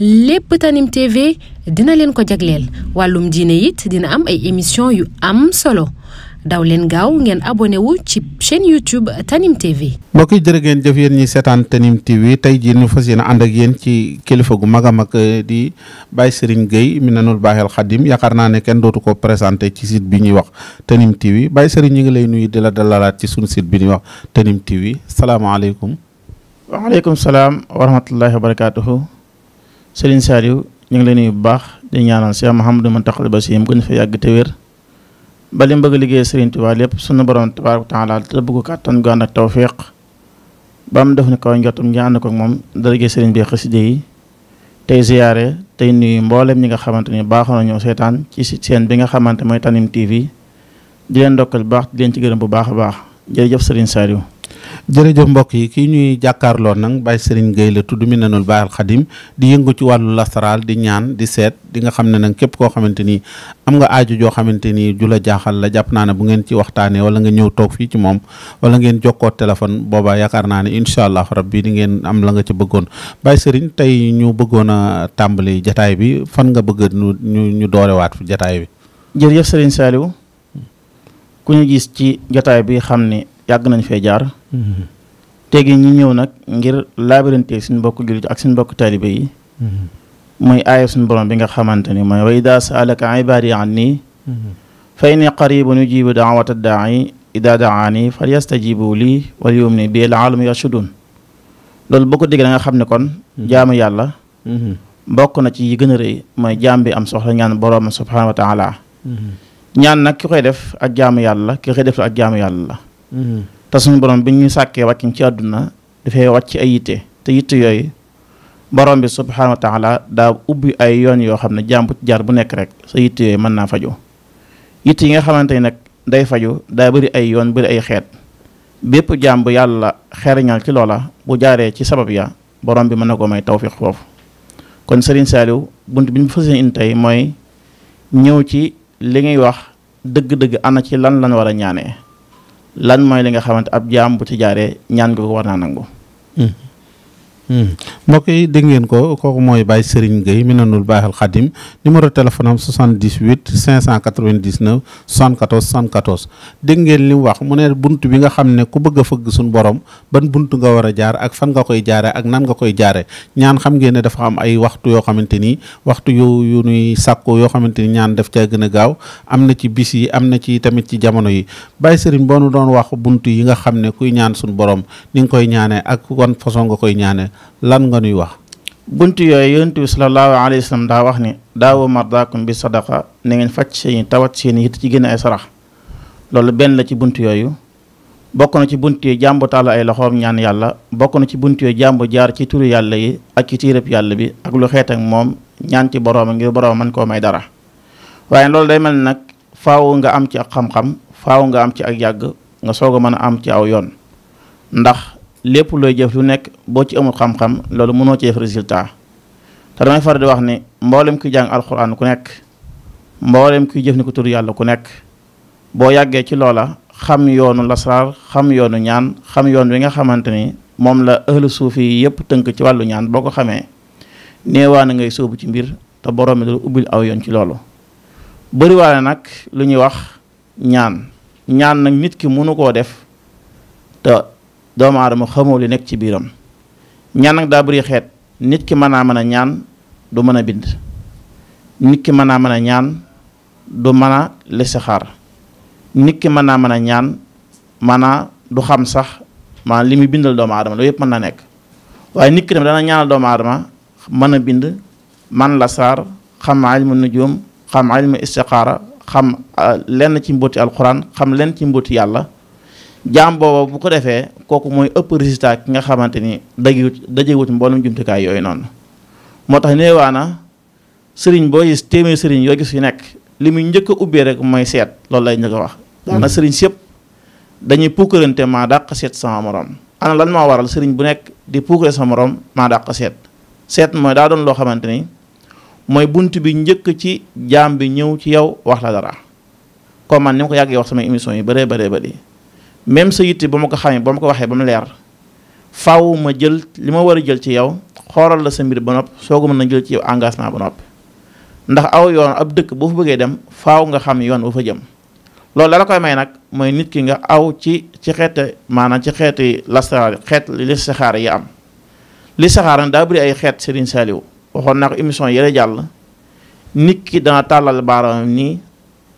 lépp Tanim TV dina leen ko jagleel wàllum diine it dina am ay émission yu am solo daw leen gaaw ngeen abonné wu ci chaîne YouTube Tanim TV. mbokk yi jërë ngeen jëf yéen ñi seetaan Tanim TV tey jii ñu fas yéene ànd ak yéen ci kilifa gu mag a mag eh, di Baye Serigne Gueye Minanul Baaxel Xadim yaakaar naa ne kenn dootu ko présenté ci site bi ñuy wax Tanim TV Baye Serigne ñu ngi lay nuyu di la dalalaat ci sunu site bi ñuy wax Tanim TV salaamaaleykum. waaleykum salaam wa rahmatullahi wa barakaatuhu. Serigne Saliou ñu ngi lay nuyu bu baax di ñaanal Cheikh Mouhamadou Mountakha Bassirou mu gën fa yàgg te wér ba li mu bëgg a liggéey Serigne Touba lépp sunu borom tabaaraka taala te bëgg ko kàttan gu ànd ak tawféex ba mu def ni kaw njottam ñu ànd ko ak moom darajee Serigne bi xaside yi tey ziyaare tey nuyu mbooleem ñi nga xamante ni baaxoon na ñoo seetaan ci seen bi nga xamante mooy Tanime TV di leen ndokkal baax di leen ci gërëm bu baax a baax jërëjëf Serigne Saliou jërëjëf mbokk yi kii ñuy jàkkaarloo nag Baye Serigne Gueye la tudd Minanul Baaqil Xadim di yëngu ci wàllu lasaraal di ñaan di seet di nga xam ne nag képp koo xamante ni am nga ajo joo xamante ni ju la jaaxal la jàpp naa ne bu ngeen ci waxtaanee wala nga ñëw toog fii ci moom wala ngeen jokkoo téléphone booba yaakaar naa ne incha allah rabbi di ngeen am la nga ci bëggoon bay Serigne tey ñu bëggoon a tàmbali jataay bi fan nga bëgg ñu ñu doorewaat fu jataay bi. jërëjëf Serigne Saliou ku ñu gis ci jataay bi xam ne yàgg nañ fee jaar. tegi ñi ñëw nag ngir laabirante suñu mbokk jullit ak suñu mbokk taalibe yi muy aaya suñu borom bi nga xamante ni mooy wa ida saalaka ibaadi anni fa inni qaribun ujibu daawata daai ida daani fal bi laalum yashudun loolu boo ko déggee xam ne kon jaamu yàlla bokk na ci yi gën a mooy jaam bi am soxla ñaan boroom subhaanahu wa taala ñaan nag ki koy def ak jaamu yàlla ki koy def ak jaamu yàlla te suñu borom bi ñu sàkkee wàcc ci àdduna dafay wàcc ay yitte te yitte yooyu borom bi subhaanahu wa taala daa ubbi ay yoon yoo xam ne jàmbu jaar bu nekk rek sa yitte yooyu mën naa faju yitte yi nga xamante ni nag day faju daa bëri ay yoon bëri ay xeet bépp jàmb yàlla xereñal ci loola bu jaaree ci sabab ya borom bi mën na ko may tawfiq foofu kon Serigne Saliou bunt bi ñu fas yéene tey mooy ñëw ci li ngay wax dëgg-dëgg ana ci lan lan war a ñaanee lan mooy li nga xamante ab jaam bu ci jaaree ñaan nga ko war naa nangu hmm. Hmm. mbokk yi dégg ngeen ko kooku mooy Baye Serigne Gueye Minanul Baaxal Xadim numéro téléphone am 78 599 74 74 dégg ngeen li mu wax mu ne bunt bi nga xam ne ku bëgg a fëgg suñu borom ban bunt nga war a jaar ak fan nga koy jaare ak nan nga koy jaare ñaan xam ngeen ne dafa am ay waxtu yoo xamante ni waxtu yu yu nuy sàkku yoo xamante ni ñaan def caa gën a gaaw am na ci bis yi am na ci tamit ci jamono yi Baye Serigne boo doon wax bunt yi nga xam ne kuy ñaan suñu borom ni nga koy ñaanee ak wan façon nga koy ñaanee lan nga nuy wax bunt yooyu yonent bi sallallahu alayhi wa daa wax ni daawu mardaakum bi sadaqa na ngeen faj seeni tawat seeni yitt ci génne ay sarax loolu benn la ci bunt yooyu bokk na ci bunt yi jàmbu tàll ay loxoom ñaan yàlla bokk na ci bunt yooyu jàmbu jaar ci turu yàlla yi ak ci tiirab yàlla bi ak lu xeet moom ñaan ci borooma ngir borooma mën koo may dara waaye loolu day mel nag faaw nga am ci ak xam-xam faaw nga am ci ak yàgg nga soog a mën a am ci aw yoon lépp looy jëf lu nekk boo ci amul xam-xam loolu mënoo ci def résultat te damay far di wax ni mboolem kuy jàng alxuraan ku nekk mboolem ki jëf ni ko tur yàlla ku nekk boo yàggee ci loola xam yoonu lasraar xam yoonu ñaan xam yoon wi nga xamante ni moom la ëhlu suufi yi yëpp tënk ci wàllu ñaan boo ko xamee néewaana ngay sóobu ci mbir te borom mi ubbil aw yoon ci loolu bëriwaale nag lu ñuy wax ñaan ñaan nag nit ki mënu koo def te doomu aadama xamoo li nekk ci biiram ñaan nag daa bëri xeet nit ki mën naa mën a ñaan du mën a bind nit ki mën naa mën a ñaan du mën a listixaar nit ki mën naa mën a ñaan maanaa du xam sax maanaam li muy bindal doomu aadama loolu yëpp mën na nekk waaye nit ki tamit dana ñaanal doomu aadama mën a bind man la saar xam ilmu nujum xam ilmu istiqaara xam euh, lenn ci mbóoti alxuraan xam lenn ci mbóoti yàlla jaam booba bu ko defee kooku mooy ëpp résultat ki nga xamante ni dajewut dajewut mboolem jumtukaay yooyu noonu moo tax néewaana sëriñ boo gis téeméer sëriñ yoo gis yu nekk li muy njëkk a ubbee rek mooy seet loolu lay njëkk a wax daana sëriñ si yëpp dañuy puukarante maa dàq seet sama morom ana lan moo waral sëriñ bu nekk di puukare sa moroom maa dàq seet seet mooy daa doon loo xamante ni mooy bunt bi njëkk ci jaam bi ñëw ci yow wax la dara comme man ni ko yàggee wax sama émission yi bëree bëree bëri même sa yitte ba ma ko xamee ba ma ko waxee ba mu leer faaw ma jël li ma war a jël ci yow xooral la sa mbir ba nopp soo ko mën na jël ci yow engagement ba nopp ndax aw yoon ab dëkk boo fa bëggee dem faaw nga xam yoon ba fa jëm loolu la la koy may nag mooy nit ki nga aw ci ci xeete maanaam ci xeeti lastaar xeet li saxaar yi am li saxaar nag daa bëri ay xeet Serigne Saliou waxoon naa ko émission yële jàll nit ki dana tàllal baaraam nii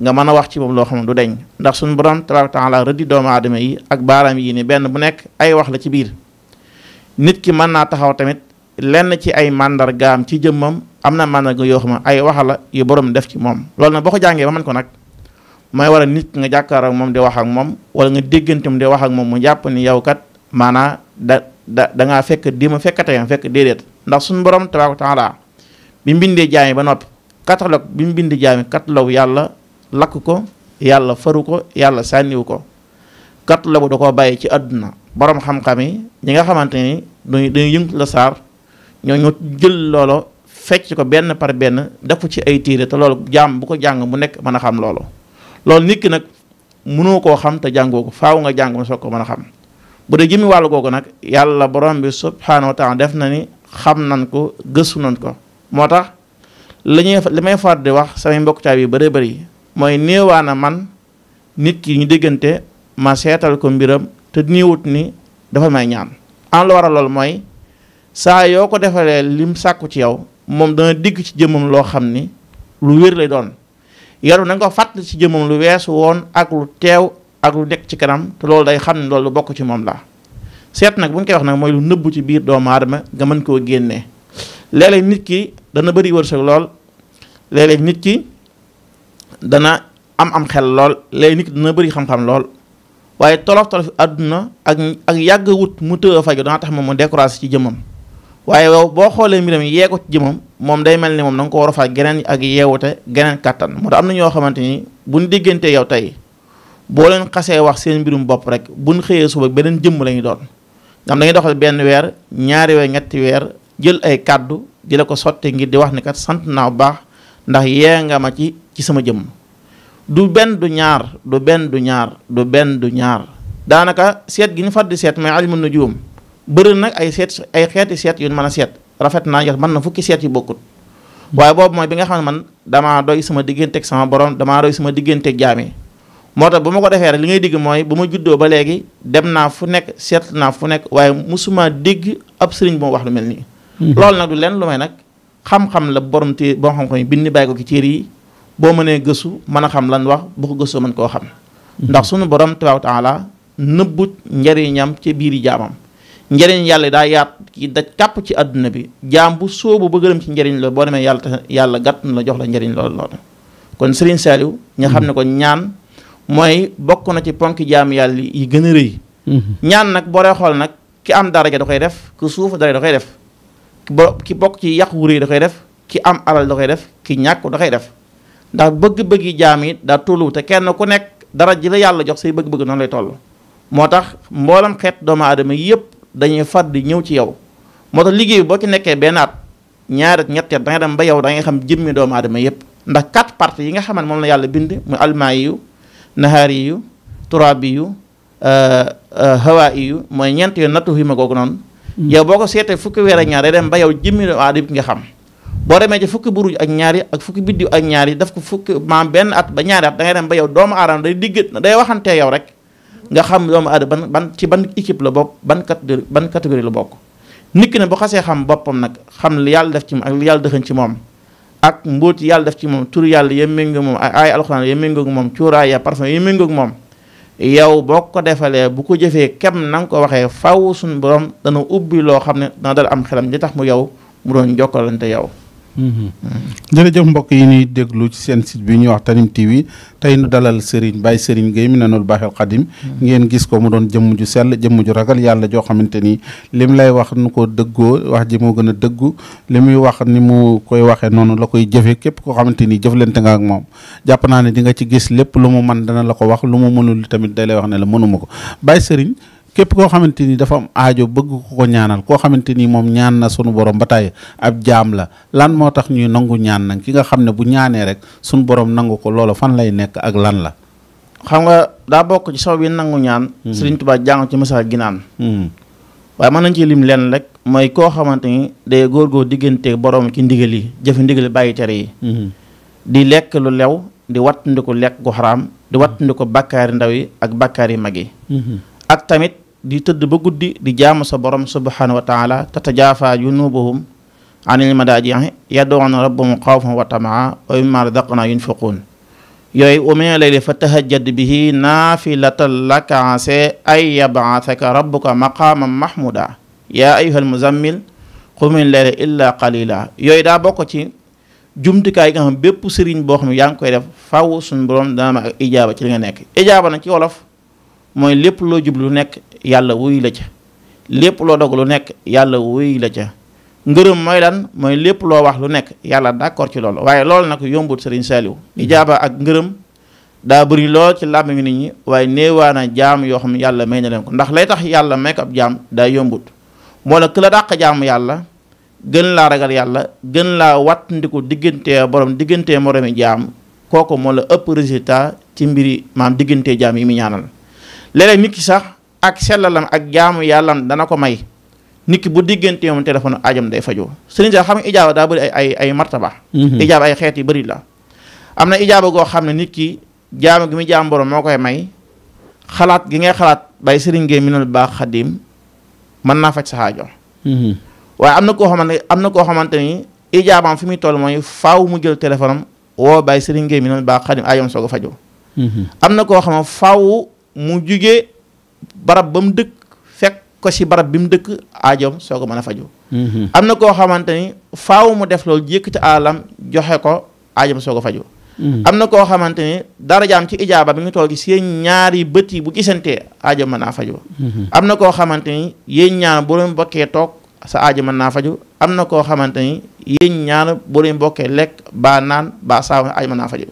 nga mën a wax ci moom loo xam ne du deñ ndax suñu borom tabaaraka taala rëddi doomu aadama yi ak baaraam yi ni benn bu nekk ay wax la ci biir nit ki mën naa taxaw tamit lenn ci ay màndargaam ci jëmmam am na màndarga yoo xam ne ay wax la yu borom def ci moom loolu nag boo ko jàngee ba mën ko nag mooy war a nit nga jàkkaar moom di wax ak moom wala nga déggantam di wax ak moom mu jàpp ni yow kat maanaa da da da ngaa fekk di ma fekkateyam fekk déedéet ndax borom tabaaraka taala bi mbindee jaam yi ba noppi catalogue bi mu bindi jaam yi catalogue yàlla lakk ko yàlla faru ko yàlla sànniwu ko kat la bu da koo bàyyi ci àdduna borom xam-xam yi ñi nga xamante ni dañuy dañuy yëngu la saar ñoo ñu jël loolo fecc ko benn par benn defu ci ay tiire te lool jaam bu ko jàng bu nekk mën a xam loolu loolu nit ki nag mënoo koo xam te jàngoo ko faaw nga jàng soo ko mën a xam bu dee jëmi wàllu googu nag yàlla boroom bi subhanahu wa def na ni xam nan ko gëstu nan ko moo tax li ñuy li may faral di wax samay mbokk yu bëree bëri mooy néewaana man nit ki ñu diggante ma seetal ko mbiram te niiwut ni dafa may ñaan en lu waral loolu mooy saa yoo ko defalee lim sàkku ci yow moom dana digg ci jëmmam loo xam ni lu wér lay doon yaru na nga ko fàttali ci jëmmam lu weesu woon ak lu teew ak lu nekk ci kanam te loolu day xam ne loolu lu bokk ci moom la seet nag bu ñu koy wax nag mooy lu nëbbu ci biir doomu aadama nga mën koo génnee léeg nit ki dana bëri wërsëg lool léeg nit ki dana am am xel lool léegi nit dana bëri xam-xam lool waaye tolof tolof àdduna ak ak yàgg wut mu tëë faju dana tax moom mu découragé ci jëmmam waaye wow boo xoolee mbiram yee ko ci jëmmam moom day mel ni moom da ko war a faj geneen yi ak yeewute geneen kàttan moo tax am na ñoo xamante ni buñ déggante yow tey boo leen xasee wax seen mbirum bopp rek buñ xëyee suba beneen jëmm la doon nga xam dañuy doxal benn weer ñaari weer ñetti weer jël ay kàddu di ko sotti ngir di wax ni kat sant naa bu ndax ci sama jëmm du benn du ñaar du benn du ñaar du benn du ñaar daanaka seet gi ñu far di seet mais na nujum bëri nag ay seet ay xeeti seet yu mën a seet rafet naa yor mën na fukki seet yu bokkut waaye boobu mooy bi nga xam ne man damaa doy sama digganteeg sama borom damaa doy sama diggante jaami moo tax bu ma ko defee rek li ngay digg mooy bu ma juddoo ba léegi dem naa fu nekk seet naa fu nekk waaye musuma digg ab sëriñ bu ma wax lu mel nii. Mhm. loolu nag du leen lu nag xam la borom téere boo xam-xam yi bind bàyyi ko ci yi. boo mënee gëstu mën a xam lan wax bu ko gëstoo mën koo xam ndax sunu borom tabaaraka taala nëbbut njariñam ci biir jaamam njariñ yàlla daa yaat ki da kàpp ci àdduna bi jaam bu soobu ba gërëm ci njariñ loolu boo demee yàlla yàlla gàtt na la jox la njariñ loolu loolu kon Serigne Saliou nga xam ne ko ñaan mooy bokk na ci ponki jaam yàlla yi gën a rëy mm-hmm. ñaan nag boo dee xool nag ki am daraja da koy def ku suuf daraja da koy def bo ki bokk ci yàq wu rëy da koy def ki am alal da koy def ki ñàkk da def ndax bëgg-bëggi bëgg jaam it daa tolluwu te kenn ku nekk dara ji la yàlla jox say bëgg-bëgg noonu lay toll moo tax mboolam xeet doomu aadama yëpp dañuy far di ñëw ci yow moo tax liggéey boo ci nekkee benn at ñaari at ñetti dem ba yow da nga xam jëmmi doomu adama yëpp ndax quatre parties yi nga xamante moom la yàlla bind mu almaay yu nahaari yu turaabi yu euh, euh, hawaa yu mooy ñeent yoon nattu yi ma googu noonu hmm. yow boo ko seetee fukki weer ak ñaar day dem ba yow jëmmi nga xam boo demee ci fukki buruj ak ñaari ak fukki biddiw ak ñaari daf ko fukki maam benn at ba ñaari at da dem ba yow doomu aadama day digg day waxantee yow rek nga xam doomu aadama ban ban ci ban équipe la bokk ban catégorie ban catégorie la bokk nit ki ne bu xasee xam boppam nag xam li yàlla def ci moom ak li yàlla dëxañ ci moom ak mbóoti yàlla def ci moom tur yàlla yem méngoo moom ak ay alxuraan yem méngoo moom cuuraay ya parfum yem méngoo moom yow boo ko defalee bu ko jëfee kem na nga ko waxee faw suñu borom dana ubbi loo xam ne dana dal am xelam li tax mu yow mu doon jokkalante yow Mm-hmm. jërëjëf mbokk yi ñuy déglu ci seen site bi ñuy wax Tanim TV tey nu dalal Serigne Baye Serigne Gueye mi noonu baaxel xadim mm-hmm. ngeen gis ko mu doon jëmm ju sell jëmm ju ragal yàlla joo xamante ni lim lay wax nu ko dëggoo wax ji moo gën a dëggu li muy wax ni mu koy waxee noonu la koy jëfe képp koo xamante ni jëflante nga ak moom jàpp naa ne di nga ci gis lépp lu mu man dana la ko wax lu mu mënul tamit day lay wax ne la mënuma ko Baye Serigne képp koo xamante ni dafa am aajo bëgg ku ko ñaanal koo xamante ni moom ñaan na sunu borom ba taay ab jaam la lan moo tax ñuy nangu ñaan nag ki nga xam ne bu ñaanee rek sunu borom nangu ko loola fan lay nekk ak lan la. xam nga daa bokk ci sabab yi nangu ñaan. Hmm. Serigne Touba jàng ci misaal gi naan. Hmm. waaye mën nañ ci lim leen rek mooy koo xamante ni day góor diggante boroom ci ndigal yi jëfe ndigal bàyyi tere yi. Hmm. di lekk lu lew di wattandiku lekk gu di wattandiku bakkaari ndaw yi ak bakkaari mag yi. di tëdd ba guddi di jaamu sa borom subhanahu wa taala tatajaafa junubuhum anil madaaji'i yad'uuna rabbahum xawfan wa tamaa wa mimmaa razaqnaahum yunfiquun yooyu wa mina layli fatahajjad bihi naafilatan laka asaa an yab'athaka rabbuka maqaaman mahmuuda yaa ayyuhal muzammil qumil layla illaa qaliila yooyu daa bokk ci jumtukaay yi nga xam bépp sëriñ boo xam ne yaa ngi koy def faw suñu borom dana ijaaba ci li nekk ijaaba nag ci wolof mooy lépp loo jublu nekk yàlla wuy la ca lépp loo dog lu nekk yàlla wuy la ca ngërëm mooy lan mooy lépp loo wax lu nekk yàlla d'accord ci loolu waaye loolu nag yombut Serigne Saliou ijaaba ak ngërëm daa bëri lool ci làmmiñu nit ñi waaye néewaana jaam yoo xam yàlla may na leen ko ndax lay tax yàlla may ab jaam daa yombut moo la ki la dàq jaamu yàlla gën laa ragal yàlla gën laa wattandiku diggante borom diggante moromi jaam kooku moo la ëpp résultat ci mbiri maam diggante jaam yi mu ak sellalam ak jaamu yàllam dana ko may nit ki bu diggante moom téléphone ajam day fajoo sëriñ sa xam nga ijaaba daa bëri ay ay ay martaba mhm. ijaaba ay xeet yi bëri la am na ijaaba goo xam ne nit ki jaamu gi muy jaam borom moo koy may xalaat gi ngay xalaat bay sëriñ Gueye minal baax xadim mën naa faj sa xaajo mhm. waaye am na koo xamante am na koo xamante ni ijaabaam fi muy toll mooy faw mu jël téléphone am woo bay sëriñ Gueye minal baax xadim ajam soog a fajoo mhm. am na koo xam ne mu jugee barab ba mu dëkk fekk ko si barab bi mu dëkk aajoom soo ko mën a faju mm-hmm. am na koo xamante ni faaw mu def loolu yëkkati alam joxe ko aajoom soo ko faju mm-hmm. am na koo xamante ni darajaam ci ijaaba bi nga toog seen ñaari bët yi bu gisantee aajo mën naa faju mm-hmm. am na koo xamante ni yéen ñaar bu leen bokkee toog sa aajo mën naa faju am na koo xamante ni yéen ñaar bu leen bokkee lekk ba naan ba saaw aajo mën naa faju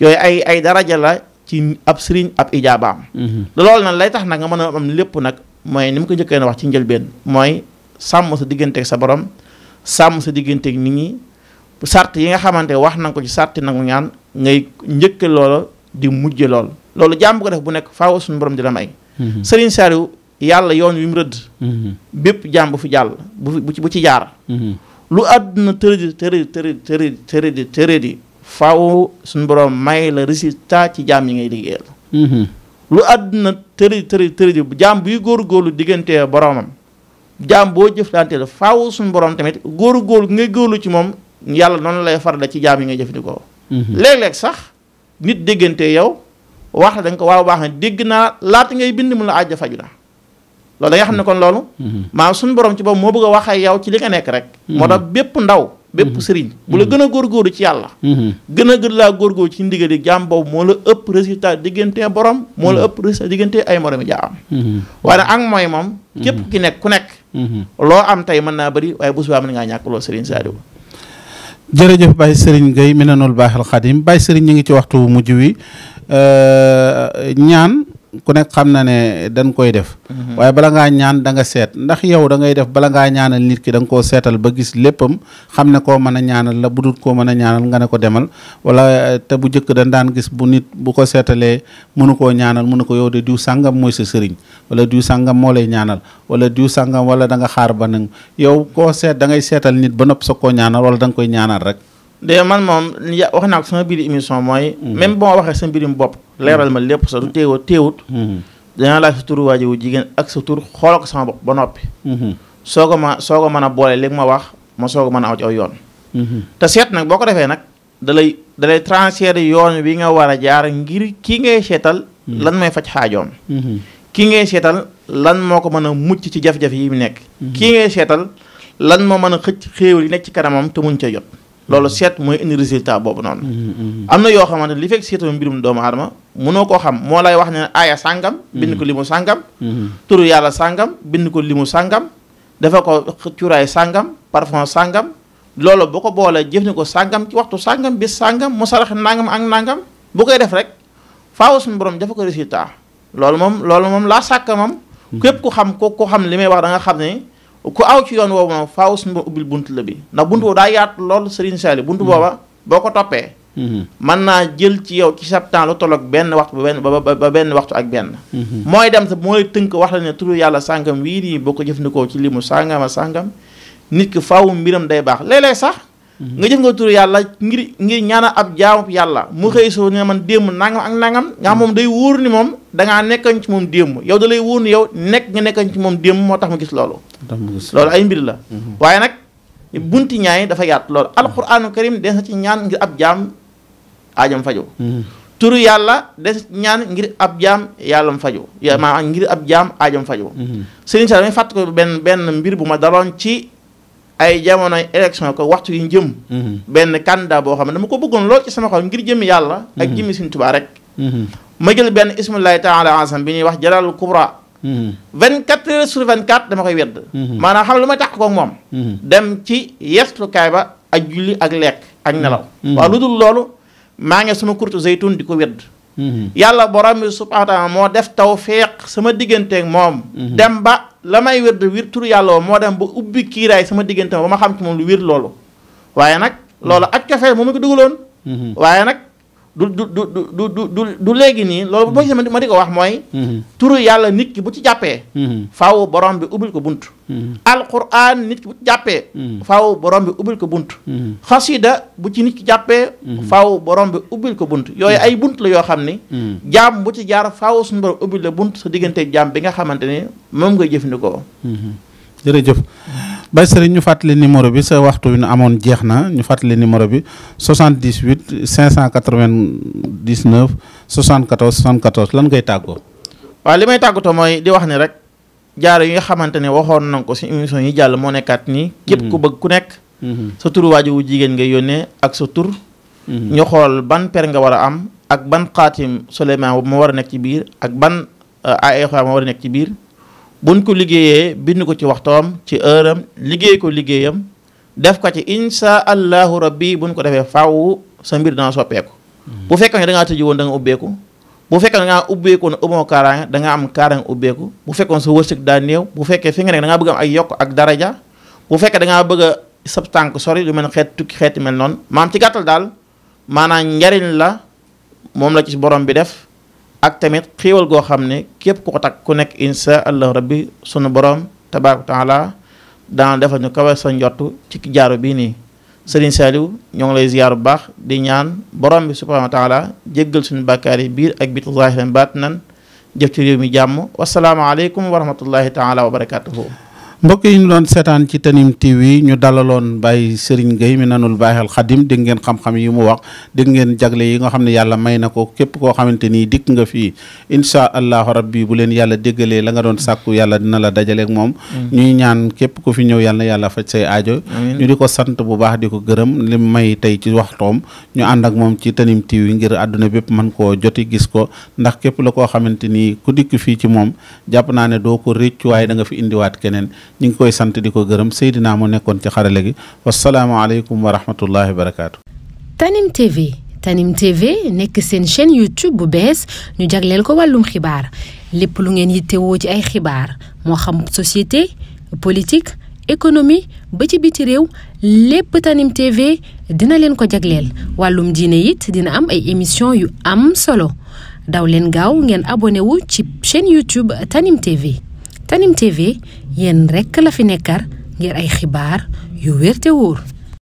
yooyu ay ay daraja la ci ab sëriñ ab ijaabaam mhm. loolu na lay tax nag nga mën a am lépp nag mooy ni mu ko njëkkee na wax ci njëlbeen mooy sàmm sa digganteeg sa borom sàmm sa digganteeg nit ñi sart yi nga xamante wax na ko ci sarti nangu ñaan ngay njëkke loola di mujje lool loolu jàmm bu ko def bu nekk faaw suñu borom di la may mhm. sëriñ Saliou yàlla yoon wi mu rëdd mhm. bépp jàmm bu fi jàll bu bu ci jaar lu àdduna tërëdi tërëdi tërëdi tërëdi tërëdi faaw suñu borom may la résultat ci jaam yi ngay liggéeyal. Mhm. lu àdduna tëri tëri tëri bi góor góorlu diggante boromam jaam boo jëflante la faaw suñu borom tamit góorgóorlu ngay góorlu ci moom yàlla noonu lay faral ci jaam yi ngay jëfandikoo. Mhm. léeg-léeg sax nit déggante yow wax la da ko waaw baax na dégg naa laata ngay bind mu la àjja faju na loolu da xam ne kon loolu. Mhm. maa suñu borom ci boobu moo bëgg a wax ak yow ci li nga nekk rek. moo tax bépp ndaw. bépp mhm. sëriñ bu la mhm. gën a góorgóorlu ci yàlla mhm. gën a gën laa góorgóorlu ci ndigal yi jaam moo la ëpp résultat diggantee borom moo la ëpp résultat diggantee ay moromi jaam waaye nag ak mooy moom képp ki nekk ku nekk loo am tey mën naa bëri waaye bu subaa mën ngaa ñàkk loolu sëriñ Sadio jërëjëf Baye Serigne Gueye mi nenul baaxal mu Baye Serigne ñu ngi ci waxtu mujj wi euh, ñaan ku nekk xam na ne dañ koy def mhm. waaye bala ngaa ñaan da nga seet ndax yow da ngay def bala ngaa ñaanal nit ki da nga koo seetal ba gis léppam xam ne koo mën a ñaanal la bu dul koo mën a ñaanal nga ne ko demal wala te bu jëkk dañ daan gis bu nit bu ko seetalee munu koo ñaanal mënu ko yow de diw sàngam mooy sa sëriñ wala diw sàngam moo lay ñaanal wala diw sàngam wala da nga xaar ba nang yow koo seet dangay seetal nit ba nopp sa koo ñaanal wala da nga koy ñaanal rek de man moom wax naa ko sama biir émission mooy. Mhm. même boo waxee sa mbirum bopp. leeral ma lépp sax du teewoo teewut. Mhm. danaa laaj sa tur waajur wu jigéen ak sa tur xooloo ko sama bopp ba noppi. Mhm. soo ko ma soo ko mën a boole léegi ma wax ma soo ko mën a aw ci aw yoon. te seet nag boo ko defee nag dalay dalay transférer yoon wi nga war a jaar ngir kii ngay seetal. lan mooy faj xaajoom. kii ngay seetal lan moo ko mën a mucc ci jafe yi mu nekk. ki ngay seetal lan moo mën a xëcc xéewal yi nekk ci kanamam te muñ ca jot. loolu seet mooy indi résultat boobu noonu. Mm, mm, mm. am na yoo xamante ne li fekk seetuma mbirum doomu aadama mënoo koo xam moo lay wax ne aaya sàngam. bind ko limu sàngam. turu yàlla sàngam bind ko limu sàngam. dafa ko cuuraay sàngam parfum sàngam loolu bu ko boolee jëf ni ko sàngam ci waxtu sàngam bis sàngam mu sarax nangam ak nangam bu koy def rek faaw suñu borom dafa ko résultat loolu moom loolu moom laa sàkk moom. képp ko xam ko ku xam li may wax da xam ne. ku aw ci yoon woowu moom faaw suñu ba ubbil bunt la bi ndax bunt boobu daa yaatu lool Serigne Saliou bunt booba mm-hmm. boo ko toppee mm-hmm. mën naa jël ci yow ci sab temps lu tolloog benn waxtu ba benn ba benn waxtu ak benn mm-hmm. mooy dem sax mooy tënk wax la ne turu yàlla sàngam wii nii boo ko jëfandikoo ci limu sàngama sàngam nit ki faaw mbiram day baax léeg sax nga jëf nga tur yàlla ngir ngir ñaanal ab jaamub yàlla mu mm-hmm. xëy soo ne man démb nangam ak nangam nga moom day wóor ni moom dangaa nekkoon ci moom démb yow da lay wóor ni yow nekk nga nekkoon ci moom démb moo tax mu gis loolu loolu ay mbir la mm-hmm. waaye nag bunti ñaay dafa yaat loolu alquraanu karim des na ci ñaan ngir ab jaam aajam fajo mm-hmm. turu yàlla des ñaan ngir ab jaam yàllam fajo maa ngir ab jaam aajam fajo sëriñ sa damay fàtt ko benn benn mbir bu ay jamonoy élection ko waxtu yu jëm. Mhm. benn candidat boo xam ne dama ko bëggoon lool ci sama xol ngir jëmi yàlla. ak mhm. jëmi Sëriñ Tuubaa rek. Mhm. ma jël benn ismullahi taala asam bi ñuy wax Jalal Kubra. 24 heures sur 24 dama koy wedd. maanaam xam lu ma tax ko moom. dem ci yestukaay ba ak julli ak lekk ak nelaw. waaw lu dul loolu maa ngi sama kurtu zeytun di ko wedd. yàlla borom bi subhaanahu wa taala moo def tawfeex sama digganteeg moom. dem ba. la may wér de wir tur yàlla woo moo dem ba ubbi kiiraay sama diggante ba ma xam ci moom lu wir loolu waaye nag loolu ak cofeel moom ma ko dugaloon mm-hmm. waaye nag du du du du du léegi nii loolu boo gisee ma di ko wax mooy. Mhm. turu yàlla nit ki bu ci jàppee. Mhm. faaw borom bi ubbil ko bunt. Mhm. alquran nit bu jàppee. faaw borom bi ubbil ko bunt. xasida bu ci nit ki jàppee. faw borom bi ubbil ko bunt yooyu ay bunt la yoo xam ni. jaam bu ci jaar faw suñu borom ubbil la bunt sa diggante jaam bi nga xamante ni moom ngay jëfandikoo. jërëjëf. bay sëriñ ñu fàttali numéro bi sa waxtu wi nu amoon jeex na ñu fàttali numéro bi 78 599 74 74 lan ngay tàggoo. waaw li may tàggatoo mooy di wax ni rek jaaro yi nga xamante ne waxoon na ko si émission yi jàll moo nekkaat nii. Mhm. képp ku bëgg ku nekk. Mhm. sa tur waaju wu jigéen ngay yónnee ak sa tur. ñu mhm. xool ban per nga war a am ak ban xaatim Souleymane moo war a nekk ci biir ak ban euh, ay xaar moo war a nekk ci biir. buñ ko liggéeyee bind ko ci waxtoom ci heure am liggéey ko liggéeyam def ko ci insha allahu rabbi buñ ko defee faw sa mbir dana soppeeku. bu hmm. fekkee ne da ngaa woon da nga ubbeeku. bu fekkee da ngaa ubbeeku ne umoo da nga am kaaraange ubbeeku bu fekkoon sa wërsëg daa néew bu fekkee fi nga nekk da ngaa bëgg am ay yokk ak daraja bu fekkee da ngaa bëgg a sab tànk sori lu mel ne xeet tukki xeeti mel noonu maam ci gàttal daal maanaam njariñ la moom la ci borom bi def. ak tamit xéewal goo xam ne képp ku ko takk ku nekk insha allahu rabbi sunu borom tabaaraka taala dana defal ñu kawe sa njott ci jaaro bii nii Serigne Saliou ñoo ngi lay ziyaar bu baax di ñaan borom bi subhaanahu wa taala jéggal suñu bàkkaar yi biir ak biti baat baatinan jëf ci réew mi jàmm wasalaamu aleykum wa rahmatullahi taala wa barakatuhu mbokk yi ñu doon seetaan ci Tanim TV ñu dalaloon Baye Serigne Gueye mi nanul baaxel xadim dégg ngeen xam-xam yi mu wax dégg ngeen jagle yi nga xam ne yàlla may na ko képp koo xamante ni dikk nga fii incha allahu rabbi bu leen yàlla déggalee la nga doon sàkku yàlla dina la dajaleeg moom mm. ñuy ñaan képp ku fi ñëw yàlla yàlla faj say aajo di ko sant bu baax di ko gërëm li may tey ci waxtoom ñu ànd ak moom ci Tanim yi ngir àdduna bépp mën koo joti gis ko ndax képp la koo xamante ni ku dikk fii ci moom jàpp naa ne doo ko rëcc waaye da nga fi indiwaat keneen ñu ngi koy sant di ko gërëm Seydina mu nekkoon ci xarale gi wasalaamualeykum wa rahmatullahi wa barakaatu. Tanim TV Tanim TV nekk seen chaîne YouTube bu bees ñu jagleel ko wàllum xibaar lépp lu ngeen yittewoo ci ay xibaar moo xam société politique économie ba ci biti réew lépp Tanim TV dina leen ko jagleel wàllum diine it dina am ay émission yu am solo daw leen gaaw ngeen abonné wu ci chaîne YouTube Tanim TV Tanim TV. yéen rekk la fi nekkar ngir ay xibaar yu wér te wóor